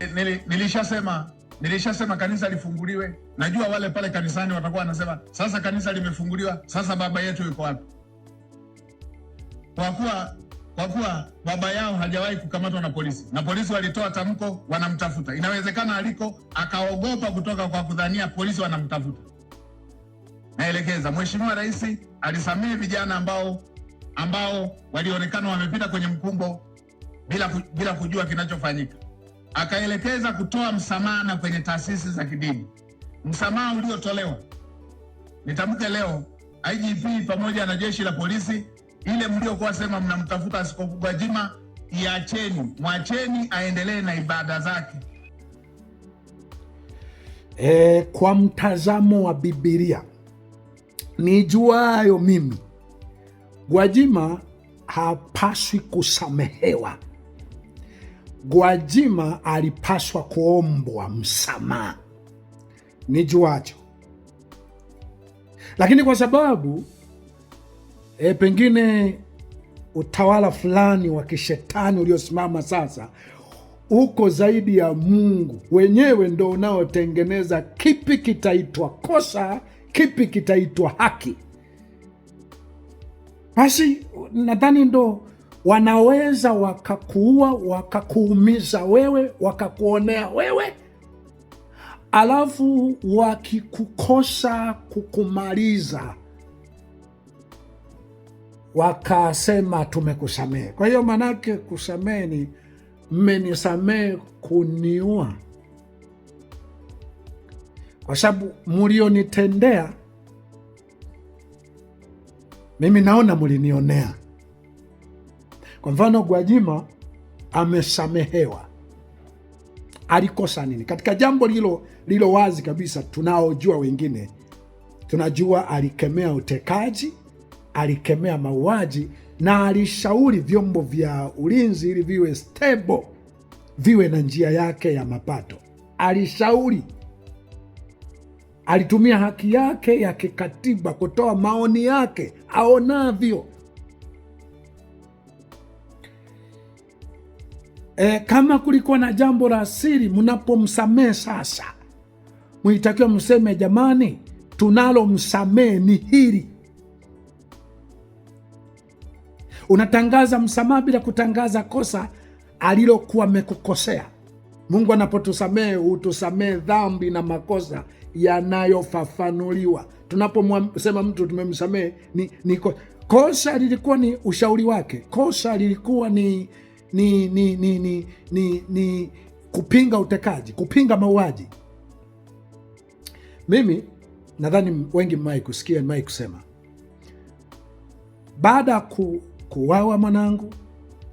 Eh, nilishasema nilishasema kanisa lifunguliwe. Najua wale pale kanisani watakuwa wanasema sasa kanisa limefunguliwa, sasa baba yetu yuko wapi? Kwa kuwa kwa kuwa baba yao hajawahi kukamatwa na polisi, na polisi walitoa tamko wanamtafuta. Inawezekana aliko akaogopa kutoka kwa kudhania polisi wanamtafuta. Naelekeza Mheshimiwa Rais alisamehe vijana ambao ambao walionekana wamepita kwenye mkumbo bila, bila kujua kinachofanyika akaelekeza kutoa msamaha na kwenye taasisi za kidini. Msamaha uliotolewa, nitamke leo, IGP pamoja na jeshi la polisi, ile mliokuwa sema mnamtafuta Askofu Gwajima, iacheni, mwacheni aendelee na ibada zake. E, kwa mtazamo wa Bibilia juayo mimi, Gwajima hapaswi kusamehewa Gwajima alipaswa kuombwa msamaha ni juacho, lakini kwa sababu e, pengine utawala fulani wa kishetani uliosimama sasa uko zaidi ya Mungu wenyewe, ndo unaotengeneza kipi kitaitwa kosa, kipi kitaitwa haki. Basi nadhani ndo wanaweza wakakuua, wakakuumiza wewe, wakakuonea wewe, alafu wakikukosa kukumaliza wakasema tumekusamehe. Kwa hiyo maanake kusamehe ni mmenisamehe kuniua, kwa sababu mlionitendea mimi, naona mlinionea kwa mfano, Gwajima amesamehewa, alikosa nini? Katika jambo lilo lilo wazi kabisa, tunaojua wengine tunajua, alikemea utekaji, alikemea mauaji na alishauri vyombo vya ulinzi ili viwe stable, viwe na njia yake ya mapato. Alishauri, alitumia haki yake ya kikatiba kutoa maoni yake aonavyo. E, kama kulikuwa na jambo la asili mnapomsamehe sasa, mwitakiwa mseme jamani, tunalomsamehe ni hili. Unatangaza msamaha bila kutangaza kosa alilokuwa amekukosea. Mungu anapotusamehe hutusamehe dhambi na makosa yanayofafanuliwa. tunaposema mtu tumemsamehe ni, ni kosa lilikuwa ni ushauri wake, kosa lilikuwa ni ni, ni, ni, ni, ni, ni kupinga utekaji, kupinga mauaji. Mimi nadhani wengi mmai kusikia, mmai kusema baada ya ku, kuwawa mwanangu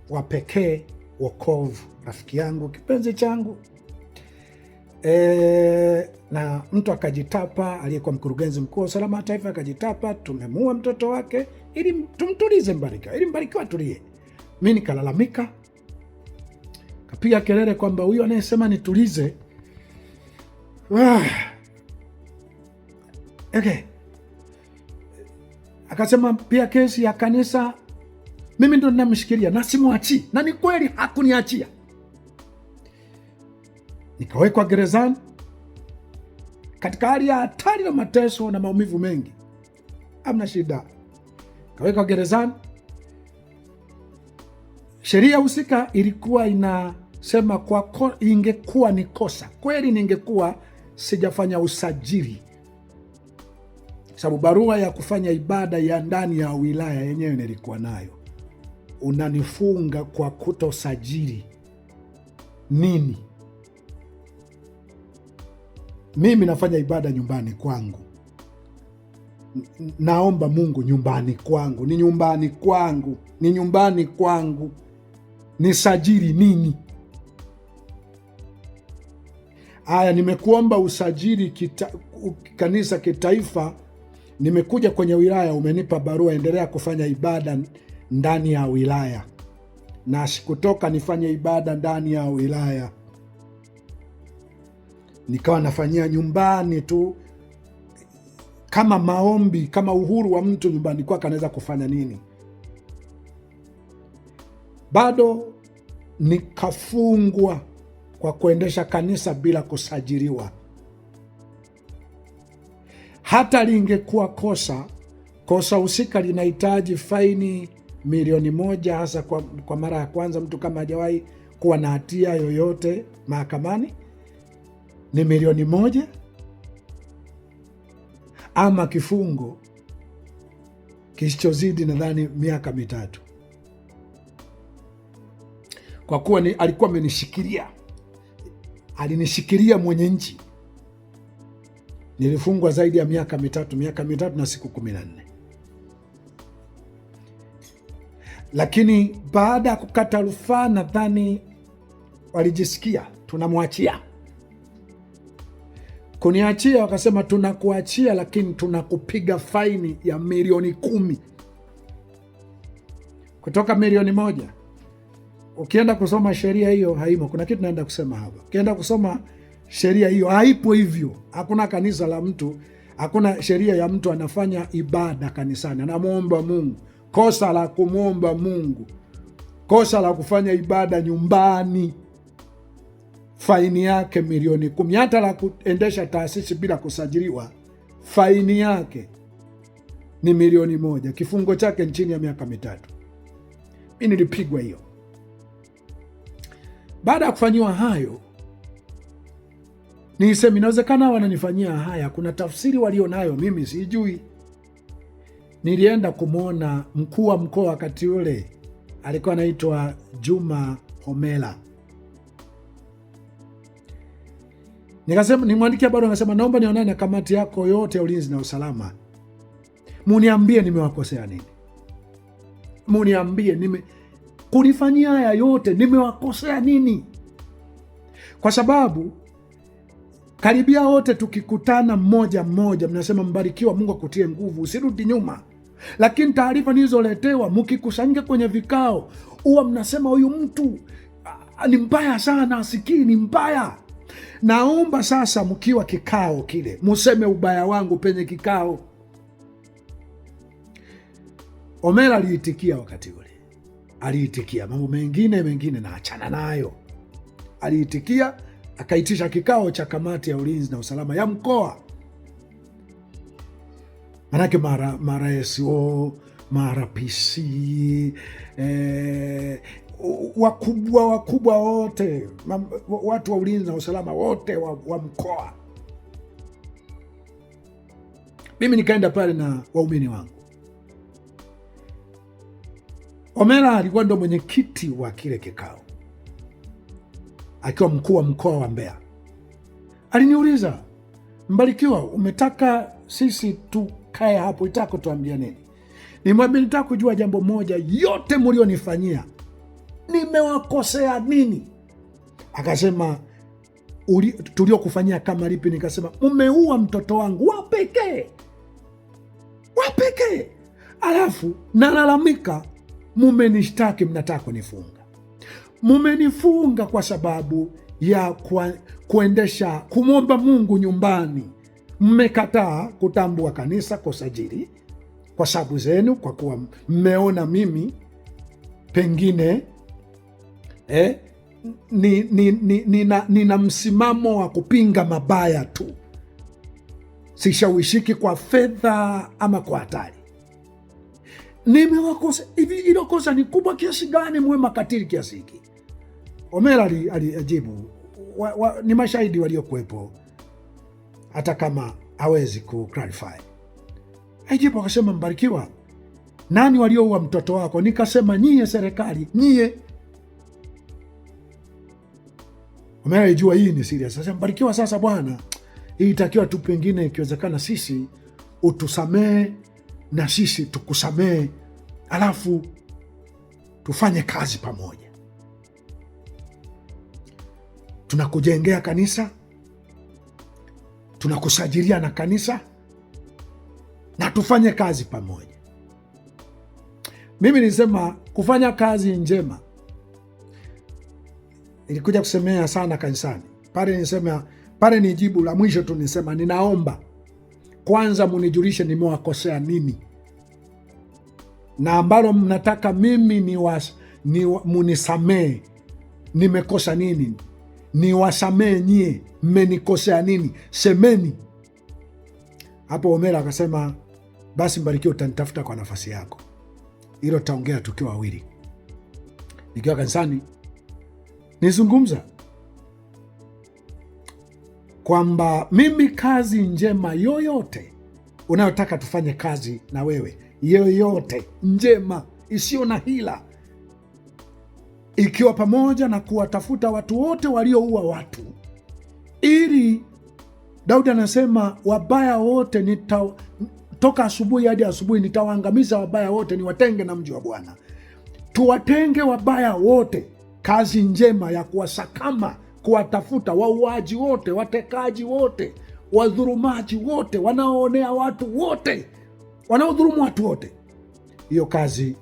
wa pekee wokovu, rafiki yangu, kipenzi changu e, na mtu akajitapa, aliyekuwa mkurugenzi mkuu wa usalama wa taifa akajitapa, tumemua mtoto wake ili tumtulize Mbarikiwa, ili Mbarikiwa atulie. Mi nikalalamika kapiga kelele kwamba huyo anayesema nitulize, ah. okay. Akasema pia kesi ya kanisa mimi ndo ninamshikilia na simwachii, na ni kweli hakuniachia. Nikawekwa gerezani katika hali ya hatari na mateso na maumivu mengi. Amna shida, kawekwa gerezani sheria husika ilikuwa inasema kwa ko, ingekuwa ni kosa kweli, ningekuwa sijafanya usajili, sababu barua ya kufanya ibada ya ndani ya wilaya yenyewe nilikuwa nayo. Unanifunga kwa kutosajili nini? Mimi nafanya ibada nyumbani kwangu, naomba Mungu nyumbani kwangu, ni nyumbani kwangu, ni nyumbani kwangu nisajili nini? Haya, nimekuomba usajili kita, kanisa kitaifa. Nimekuja kwenye wilaya, umenipa barua, endelea kufanya ibada ndani ya wilaya, na sikutoka nifanye ibada ndani ya wilaya, nikawa nafanyia nyumbani tu kama maombi, kama uhuru wa mtu nyumbani kwake anaweza kufanya nini bado nikafungwa kwa kuendesha kanisa bila kusajiliwa. Hata lingekuwa kosa, kosa husika linahitaji faini milioni moja, hasa kwa, kwa mara ya kwanza mtu kama hajawahi kuwa na hatia yoyote mahakamani ni milioni moja ama kifungo kisichozidi nadhani miaka mitatu kwa kuwa ni, alikuwa amenishikilia, alinishikilia mwenye nchi. Nilifungwa zaidi ya miaka mitatu, miaka mitatu na siku kumi na nne, lakini baada ya kukata rufaa nadhani walijisikia tunamwachia kuniachia wakasema, tunakuachia lakini tunakupiga faini ya milioni kumi kutoka milioni moja ukienda kusoma sheria hiyo haimo. Kuna kitu naenda kusema hapa. Ukienda kusoma sheria hiyo haipo hivyo. Hakuna kanisa la mtu, hakuna sheria ya mtu anafanya ibada kanisani anamwomba Mungu. Kosa la kumwomba Mungu, kosa la kufanya ibada nyumbani, faini yake milioni kumi. Hata la kuendesha taasisi bila kusajiliwa, faini yake ni milioni moja, kifungo chake chini ya miaka mitatu. Mi nilipigwa hiyo baada ya kufanyiwa hayo, niisema inawezekana wananifanyia haya, kuna tafsiri walio nayo, mimi sijui. Nilienda kumwona mkuu wa mkoa wakati ule, alikuwa anaitwa Juma Homela. Nikasema nimwandikia bado, akasema naomba nionane na kamati yako yote ya ulinzi na usalama, muniambie nimewakosea nini, muniambie nime kunifanyia haya yote, nimewakosea nini? Kwa sababu karibia wote tukikutana mmoja mmoja, mnasema Mbarikiwa, Mungu akutie nguvu, usirudi nyuma. Lakini taarifa nilizoletewa, mkikusanyika kwenye vikao, huwa mnasema huyu mtu ah, ah, ni mbaya sana, asikii, ni mbaya. Naomba sasa, mkiwa kikao kile, museme ubaya wangu penye kikao. Omera aliitikia wakati ule aliitikia. Mambo mengine mengine na achana nayo, aliitikia akaitisha kikao cha kamati ya ulinzi na usalama ya mkoa. Manake mara mara SO mara PC eh, wakubwa wakubwa wote watu wa ulinzi na usalama wote wa, wa mkoa. Mimi nikaenda pale na waumini wangu Omera alikuwa ndo mwenyekiti wa kile kikao, akiwa mkuu wa mkoa wa Mbeya. Aliniuliza, Mbarikiwa, umetaka sisi tukae hapo, itaka kutuambia nini? Nimwambia, nitaka kujua jambo moja, yote mlionifanyia nimewakosea nini? Akasema tuliokufanyia kama lipi? Nikasema mmeua mtoto wangu wa pekee wa pekee, alafu nalalamika mumenishtaki, mnataka kunifunga. Mumenifunga kwa sababu ya kwa, kuendesha kumwomba Mungu nyumbani. Mmekataa kutambua kanisa kusajili kwa sababu zenu, kwa kuwa mmeona mimi pengine eh, nina ni, ni, ni, ni ni msimamo wa kupinga mabaya tu, sishawishiki kwa fedha ama kwa hatari nimewakosa hivi. ilo kosa ni kubwa kiasi gani mwe makatili kiasi hiki? Omera alijibu wa, wa, ni mashahidi waliokuwepo, hata kama hawezi ku clarify. Aijibu akasema, Mbarikiwa, nani walioua mtoto wako? Nikasema nyie serikali, nyie. Omer alijua hii ni serious. Sasa Mbarikiwa, sasa bwana, hii itakiwa tu pengine ikiwezekana sisi utusamee na sisi tukusamehe, alafu tufanye kazi pamoja. Tunakujengea kanisa, tunakusajilia na kanisa, na tufanye kazi pamoja. Mimi nilisema kufanya kazi njema, ilikuja kusemea sana kanisani pale, nisema pale ni jibu la mwisho tu, nisema ninaomba kwanza munijulishe nimewakosea nini, na ambalo mnataka mimi ni ni munisamee nimekosa nini, niwasamee nyie mmenikosea nini, semeni hapo. Omera akasema basi, Mbarikiwa, utanitafuta kwa nafasi yako. Hilo taongea tukiwa wawili, nikiwa kanisani nizungumza kwamba mimi kazi njema yoyote unayotaka tufanye kazi na wewe, yoyote njema isiyo na hila, ikiwa pamoja na kuwatafuta watu wote walioua watu, ili Daudi anasema wabaya wote nita toka asubuhi hadi asubuhi nitawaangamiza wabaya wote, niwatenge na mji wa Bwana. Tuwatenge wabaya wote, kazi njema ya kuwasakama kuwatafuta wauaji wote, watekaji wote, wadhurumaji wote, wanaoonea watu wote, wanaodhurumu watu wote. Hiyo kazi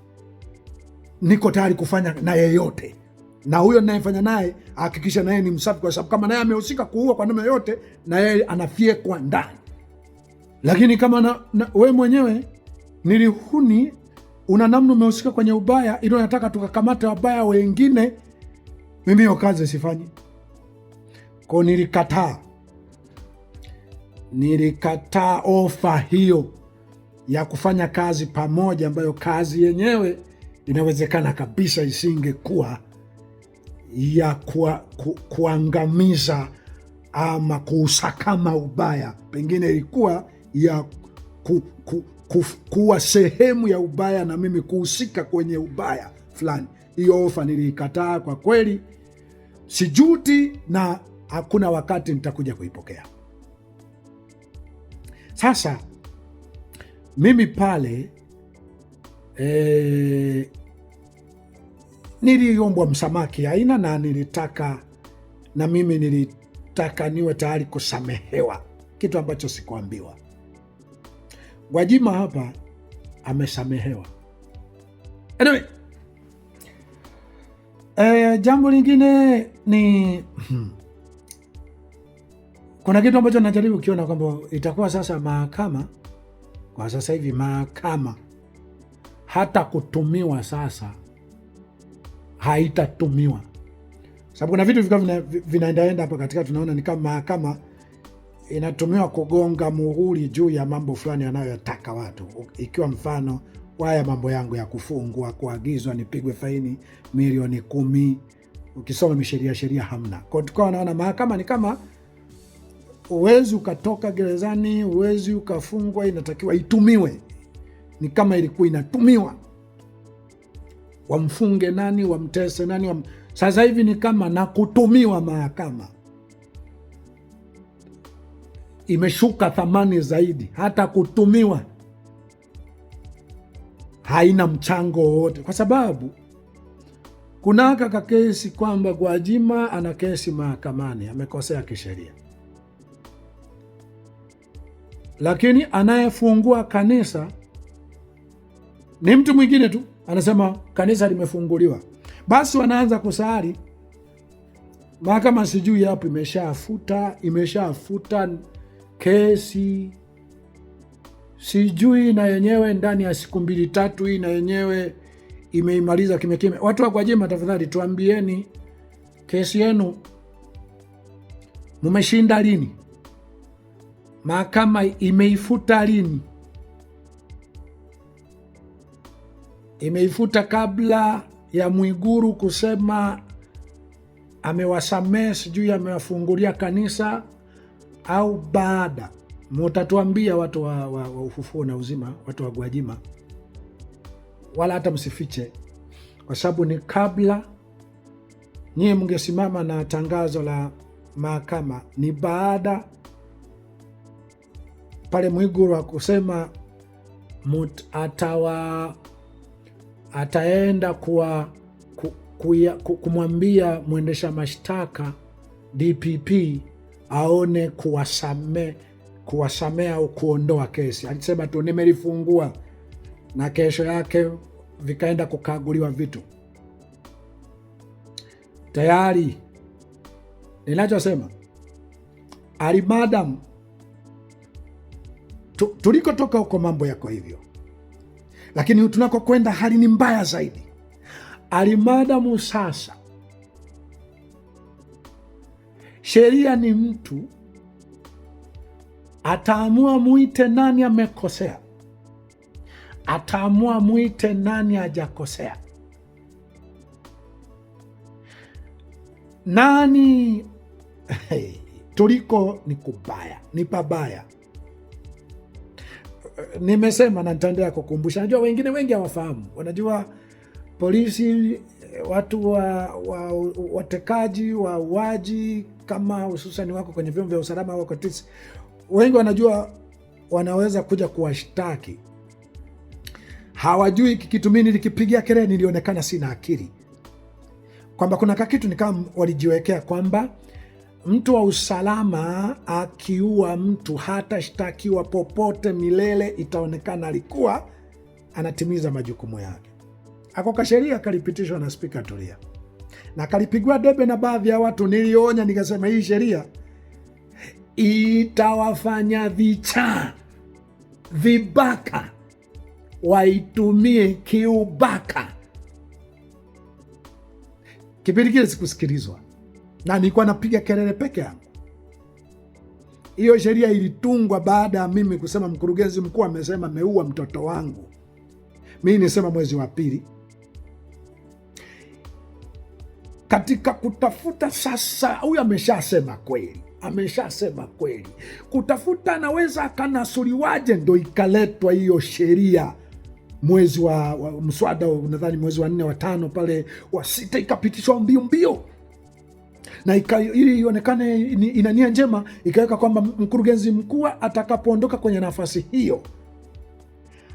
niko tayari kufanya na yeyote, na huyo ninayefanya naye ahakikisha naye ni msafi, kwa sababu kama naye amehusika kuua kwa namna yoyote, na yeye anafyekwa ndani. Lakini kama na, na, we mwenyewe nilihuni una namna umehusika kwenye ubaya, ili nataka tukakamata wabaya wengine, mimi hiyo kazi sifanyi. Kwa nilikataa, nilikataa ofa hiyo ya kufanya kazi pamoja, ambayo kazi yenyewe inawezekana kabisa isingekuwa ya kuwa, ku, kuangamiza ama kuusakama ubaya, pengine ilikuwa ya ku, ku, ku, kuwa sehemu ya ubaya na mimi kuhusika kwenye ubaya fulani. Hiyo ofa niliikataa kwa kweli, sijuti na hakuna wakati nitakuja kuipokea. Sasa mimi pale e, niliombwa msamaki aina na nilitaka na mimi nilitaka niwe tayari kusamehewa, kitu ambacho sikuambiwa. Gwajima hapa amesamehewa. Anyway, e, jambo lingine ni Kuna kitu ambacho najaribu ukiona kwamba itakuwa sasa mahakama kwa sasa hivi mahakama hata kutumiwa sasa haitatumiwa, sababu kuna vitu vikawa vina, vinaendaenda hapa katikati, tunaona ni kama mahakama inatumiwa kugonga muhuri juu ya mambo fulani yanayoyataka watu, ikiwa mfano waya mambo yangu ya kufungwa, kuagizwa nipigwe faini milioni kumi. Ukisoma misheria sheria hamna kwao, tukawa naona mahakama ni kama huwezi ukatoka gerezani, huwezi ukafungwa, inatakiwa itumiwe. Ni kama ilikuwa inatumiwa, wamfunge nani, wamtese nani, wam... Sasa hivi ni kama na kutumiwa. Mahakama imeshuka thamani zaidi, hata kutumiwa haina mchango wowote, kwa sababu kunaka kakesi kwamba Gwajima ana kesi mahakamani, amekosea kisheria lakini anayefungua kanisa ni mtu mwingine tu, anasema kanisa limefunguliwa. Basi wanaanza kusali, mahakama sijui yapo imeshafuta imeshafuta kesi sijui, na yenyewe ndani ya siku mbili tatu hii na yenyewe imeimaliza kimekime. Watu wa Gwajima, tafadhali tuambieni kesi yenu mumeshinda lini? Mahakama imeifuta lini? Imeifuta kabla ya Mwiguru kusema amewasamehe, sijui amewafungulia kanisa au baada? Mutatuambia watu wa, wa, wa Ufufuo na Uzima, watu wa Gwajima, wala hata msifiche, kwa sababu ni kabla. Nyie mngesimama na tangazo la mahakama, ni baada pale Mwiguru akusema atawa ataenda kuwa kumwambia mwendesha mashtaka DPP aone kuwasamea kuwasamea au kuondoa kesi. Alisema tu nimelifungua, na kesho yake vikaenda kukaguliwa vitu tayari. Ninachosema Ali tu, tulikotoka huko mambo yako hivyo, lakini tunakokwenda hali ni mbaya zaidi. Alimadamu sasa sheria ni mtu ataamua mwite nani amekosea, ataamua mwite nani hajakosea, nani hey, tuliko ni kubaya, ni pabaya nimesema na nitaendelea kukumbusha. Najua wengine wengi hawafahamu, wanajua polisi, eh, watu wa watekaji, wauaji, kama hususani wako kwenye vyombo vya usalama, wako tisi, wengi wanajua wanaweza kuja kuwashtaki, hawajui kikitu. Mi nilikipigia kelele, nilionekana sina akili, kwamba kuna kakitu kama walijiwekea kwamba Mtu wa usalama akiua mtu hatashtakiwa popote milele, itaonekana alikuwa anatimiza majukumu yake. Ako kasheria kalipitishwa na Spika Tulia na kalipigwa debe na baadhi ya watu. Nilionya nikasema hii sheria itawafanya vichaa vibaka waitumie kiubaka. Kipindi kile sikusikilizwa na nilikuwa napiga kelele peke yangu. Hiyo sheria ilitungwa baada ya mimi kusema mkurugenzi mkuu amesema ameua mtoto wangu, mi nisema mwezi wa pili, katika kutafuta sasa. Huyu ameshasema kweli, ameshasema kweli, kutafuta anaweza akanasuliwaje, ndo ikaletwa hiyo sheria mwezi wa, wa mswada nadhani mwezi wa nne wa tano pale wa sita, ikapitishwa mbio mbio na ika, ili ionekane ina nia njema, ikaweka kwamba mkurugenzi mkuu atakapoondoka kwenye nafasi hiyo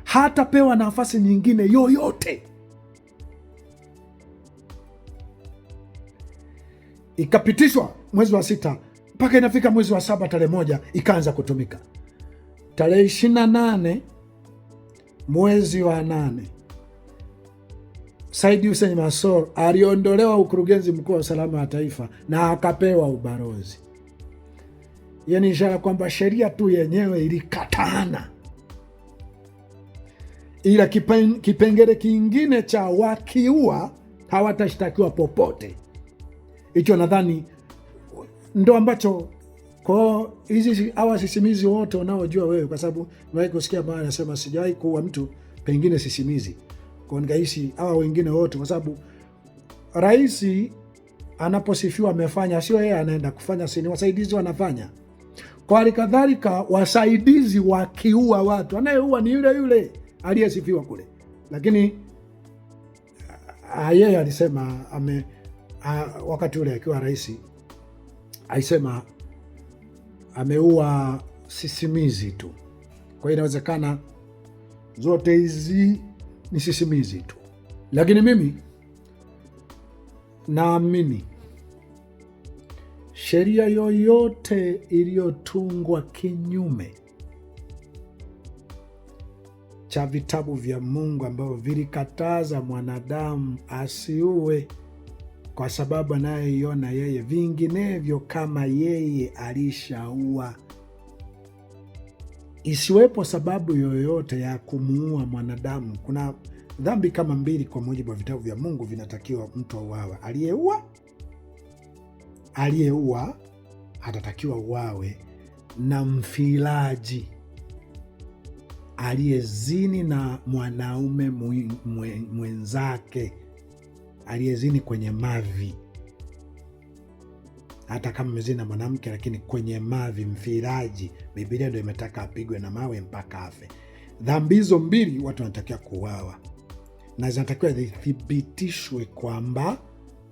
hatapewa nafasi nyingine yoyote. Ikapitishwa mwezi wa sita mpaka inafika mwezi wa saba tarehe moja ikaanza kutumika tarehe ishirini na nane mwezi wa nane Said Hussein Masoro aliondolewa ukurugenzi mkuu wa usalama wa taifa na akapewa ubalozi. Yaani ishara kwamba sheria tu yenyewe ilikatana, ila kipengele kingine cha wakiua hawatashtakiwa popote, hicho nadhani ndo ambacho kwa hizi hawa sisimizi wote wanaojua wewe, kwa sababu niwahi kusikia mara anasema sijawahi kuua mtu, pengine sisimizi kwa nikaishi hawa wengine wote, kwa sababu rais anaposifiwa amefanya, sio yeye anaenda kufanya, sini wasaidizi wanafanya. Kwa hali kadhalika, wasaidizi wakiua watu, anayeua ni yule yule aliyesifiwa kule, lakini ah, yeye alisema ame, a, ah, wakati ule akiwa rais aisema ameua sisimizi tu. Kwa hiyo inawezekana zote hizi ni sisimizi tu, lakini mimi naamini sheria yoyote iliyotungwa kinyume cha vitabu vya Mungu ambavyo vilikataza mwanadamu asiue kwa sababu anayeiona yeye, vinginevyo kama yeye alishaua isiwepo sababu yoyote ya kumuua mwanadamu. Kuna dhambi kama mbili kwa mujibu wa vitabu vya Mungu vinatakiwa mtu auawe: aliyeua, aliyeua atatakiwa uawe, na mfilaji aliyezini na mwanaume mwenzake, aliyezini kwenye mavi hata kama mezini na mwanamke, lakini kwenye mavi mfiraji Biblia ndo imetaka apigwe na mawe mpaka afe. Dhambi hizo mbili watu wanatakiwa kuuawa na zinatakiwa zithibitishwe kwamba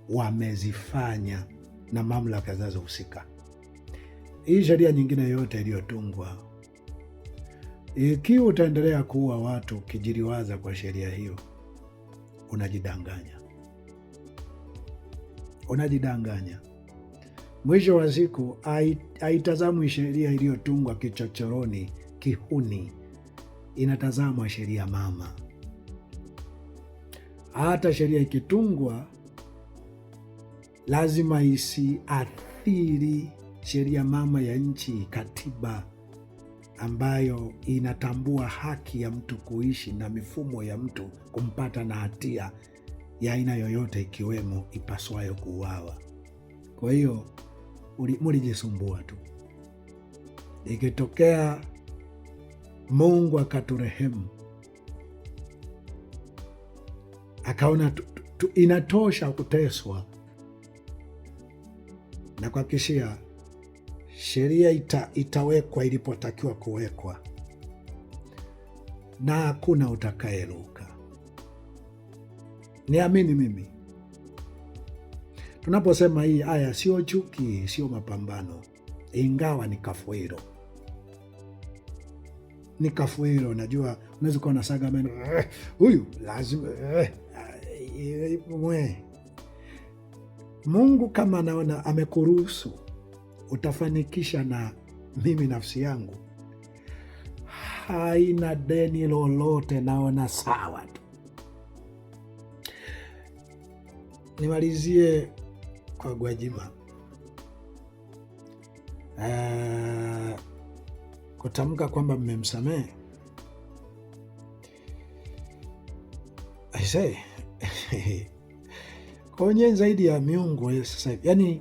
wamezifanya na mamlaka zinazohusika. Hii sheria nyingine yote iliyotungwa, ikiwa utaendelea kuua watu ukijiriwaza kwa sheria hiyo, unajidanganya, unajidanganya. Mwisho wa siku haitazamwi sheria iliyotungwa kichochoroni kihuni, inatazamwa sheria mama. Hata sheria ikitungwa, lazima isiathiri sheria mama ya nchi, katiba ambayo inatambua haki ya mtu kuishi na mifumo ya mtu kumpata na hatia ya aina yoyote ikiwemo ipaswayo kuuawa. Kwa hiyo mulijisumbua tu. Ikitokea Mungu akaturehemu akaona inatosha kuteswa, na kuhakikishia sheria ita, itawekwa ilipotakiwa kuwekwa, na hakuna utakayeruka. Niamini mimi. Tunaposema hii aya, sio chuki, sio mapambano, ingawa ni kafuero, ni kafuero. Najua unaweza kuwa nasaga meno eh, huyu lazima eh, eh, Mungu kama anaona amekuruhusu utafanikisha, na mimi nafsi yangu haina deni lolote, naona sawa tu. Nimalizie kwa Gwajima uh, kutamka kwamba mmemsamehe aisee kaonye zaidi ya miungu sasa hivi, yani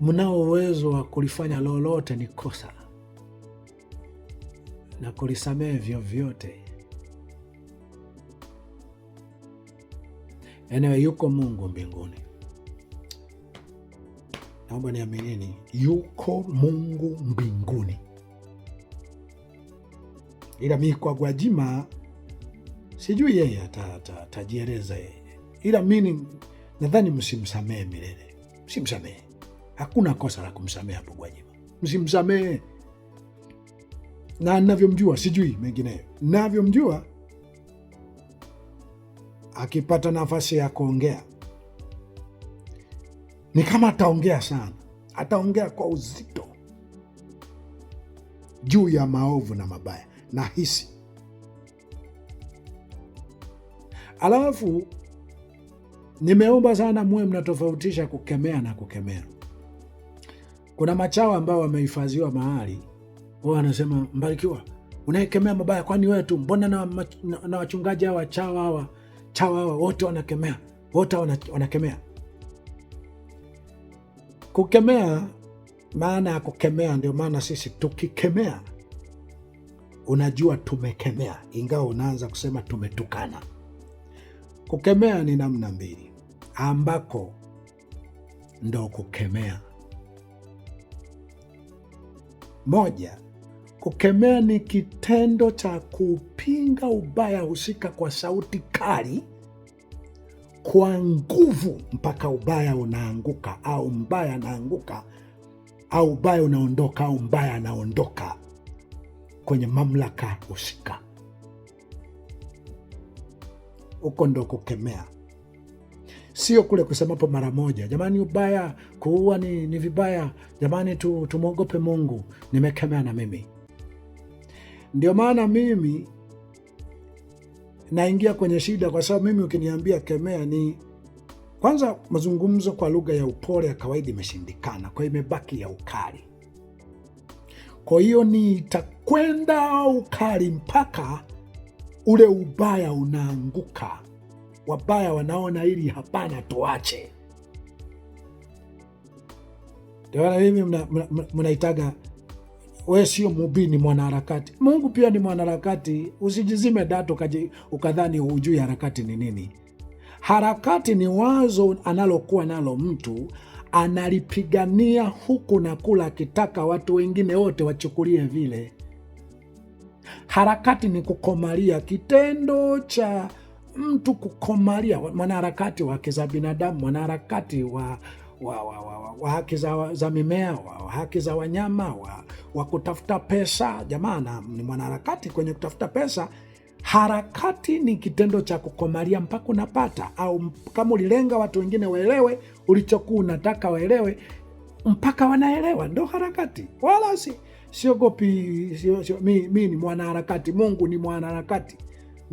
mnao uwezo wa kulifanya lolote ni kosa na kulisamehe vyovyote. enewe yuko Mungu mbinguni, naomba niaminini, yuko Mungu mbinguni, ila mi kwa Gwajima sijui yeye atajieleza yeye, ila mimi nadhani msimsamehe milele, msimsamehe. Hakuna kosa la kumsamehe hapo Gwajima, msimsamehe. Na navyomjua, sijui mengineyo, navyomjua akipata nafasi ya kuongea ni kama ataongea sana, ataongea kwa uzito juu ya maovu na mabaya na hisi. Alafu nimeomba sana muwe mnatofautisha kukemea na kukemea Kuna machawa ambao wamehifadhiwa mahali wao, wanasema Mbarikiwa, unaekemea mabaya, kwani wewe tu? Mbona na, na, na wachungaji hawa chawa hawa chawa hawa wote wanakemea, wote wanakemea Kukemea, maana ya kukemea, ndio maana sisi tukikemea, unajua tumekemea, ingawa unaanza kusema tumetukana. Kukemea ni namna mbili, ambako ndo kukemea. Moja, kukemea ni kitendo cha kupinga ubaya husika kwa sauti kali kwa nguvu mpaka ubaya unaanguka, au mbaya anaanguka, au ubaya unaondoka, au mbaya anaondoka kwenye mamlaka husika. Huko ndo kukemea, sio kule kusemapo mara moja, jamani, ubaya kuua ni, ni vibaya, jamani, tumwogope Mungu. Nimekemea na mimi, ndio maana mimi naingia kwenye shida, kwa sababu mimi ukiniambia kemea ni kwanza, mazungumzo kwa lugha ya upole ya kawaida imeshindikana, kwa imebaki ya ukali. Kwa hiyo nitakwenda ukali mpaka ule ubaya unaanguka, wabaya wanaona hili hapana, tuache. Ndio maana mimi mnaitaga mna, mna we sio mubi ni mwanaharakati. Mungu pia ni mwanaharakati. Usijizime kaji ukadhani hujui harakati ni nini. Harakati ni wazo analokuwa nalo mtu, analipigania huku na kula, akitaka watu wengine wote wachukulie vile. Harakati ni kukomalia, kitendo cha mtu kukomalia, mwanaharakati wa kiza binadamu, mwanaharakati wa wa, wa, wa, wa, wa haki za, za mimea wa, wa haki za wanyama wa, wa kutafuta pesa. Jamaa na ni mwanaharakati kwenye kutafuta pesa. Harakati ni kitendo cha kukomalia mpaka unapata, au kama ulilenga watu wengine waelewe ulichokuwa unataka waelewe, mpaka wanaelewa, ndo harakati. Wala si siogopi, mi, mi ni mwanaharakati. Mungu ni mwanaharakati.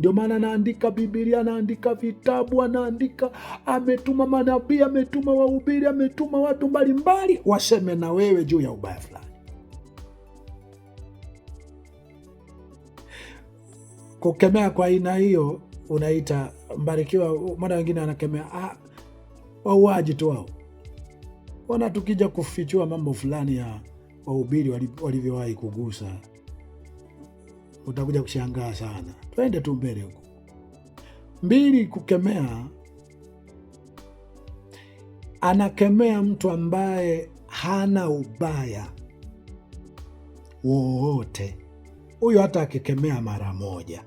Ndio maana anaandika Bibilia, anaandika vitabu, anaandika, ametuma manabii, ametuma wahubiri, ametuma watu mbalimbali waseme na wewe juu ya ubaya fulani. Kukemea kwa aina hiyo unaita Mbarikiwa. Mara wengine wanakemea ah, wauaji tu wao ona, tukija kufichua mambo fulani ya wahubiri walivyowahi kugusa, utakuja kushangaa sana twende tu mbele huko. Mbili, kukemea. Anakemea mtu ambaye hana ubaya wowote huyo, hata akikemea mara moja,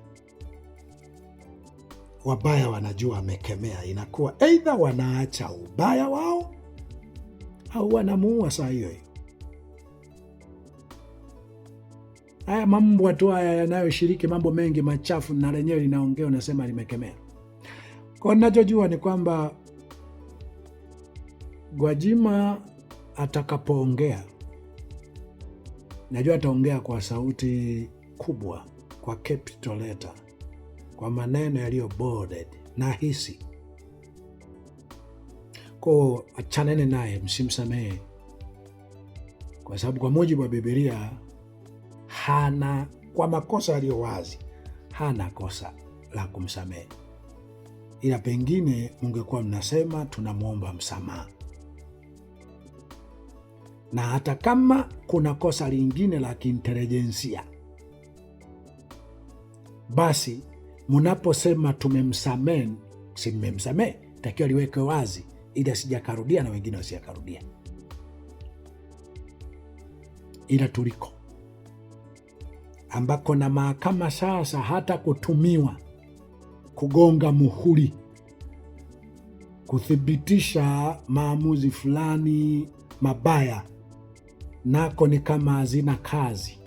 wabaya wanajua amekemea, inakuwa eidha wanaacha ubaya wao au wanamuua saa hiyo. Haya mambwa tu haya yanayoshiriki mambo mengi machafu, na lenyewe linaongea, unasema limekemea. Kwa ninachojua ni kwamba Gwajima atakapoongea, najua ataongea kwa sauti kubwa, kwa capital letter, kwa maneno yaliyo bolded na hisi ko achanene naye, msimsamehe, kwa sababu kwa mujibu wa Bibilia hana kwa makosa yaliyo wazi, hana kosa la kumsamehe, ila pengine mungekuwa mnasema tunamwomba msamaha, na hata kama kuna kosa lingine la kiintelijensia, basi mnaposema tumemsamehe, si mmemsamehe, takiwa liweke wazi ili asijakarudia na wengine wasijakarudia, ila tuliko ambako na mahakama sasa hata kutumiwa kugonga muhuri kuthibitisha maamuzi fulani mabaya, nako ni kama hazina kazi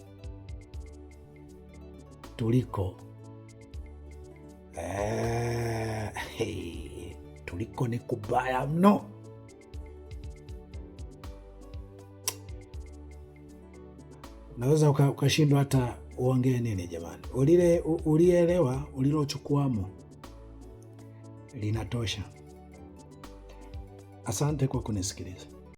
tuliko eh, hey, tuliko ni kubaya mno. naweza ukashindwa hata uongee nini jamani? Ulile ulielewa ulilochukuamo linatosha. Asante kwa kunisikiliza.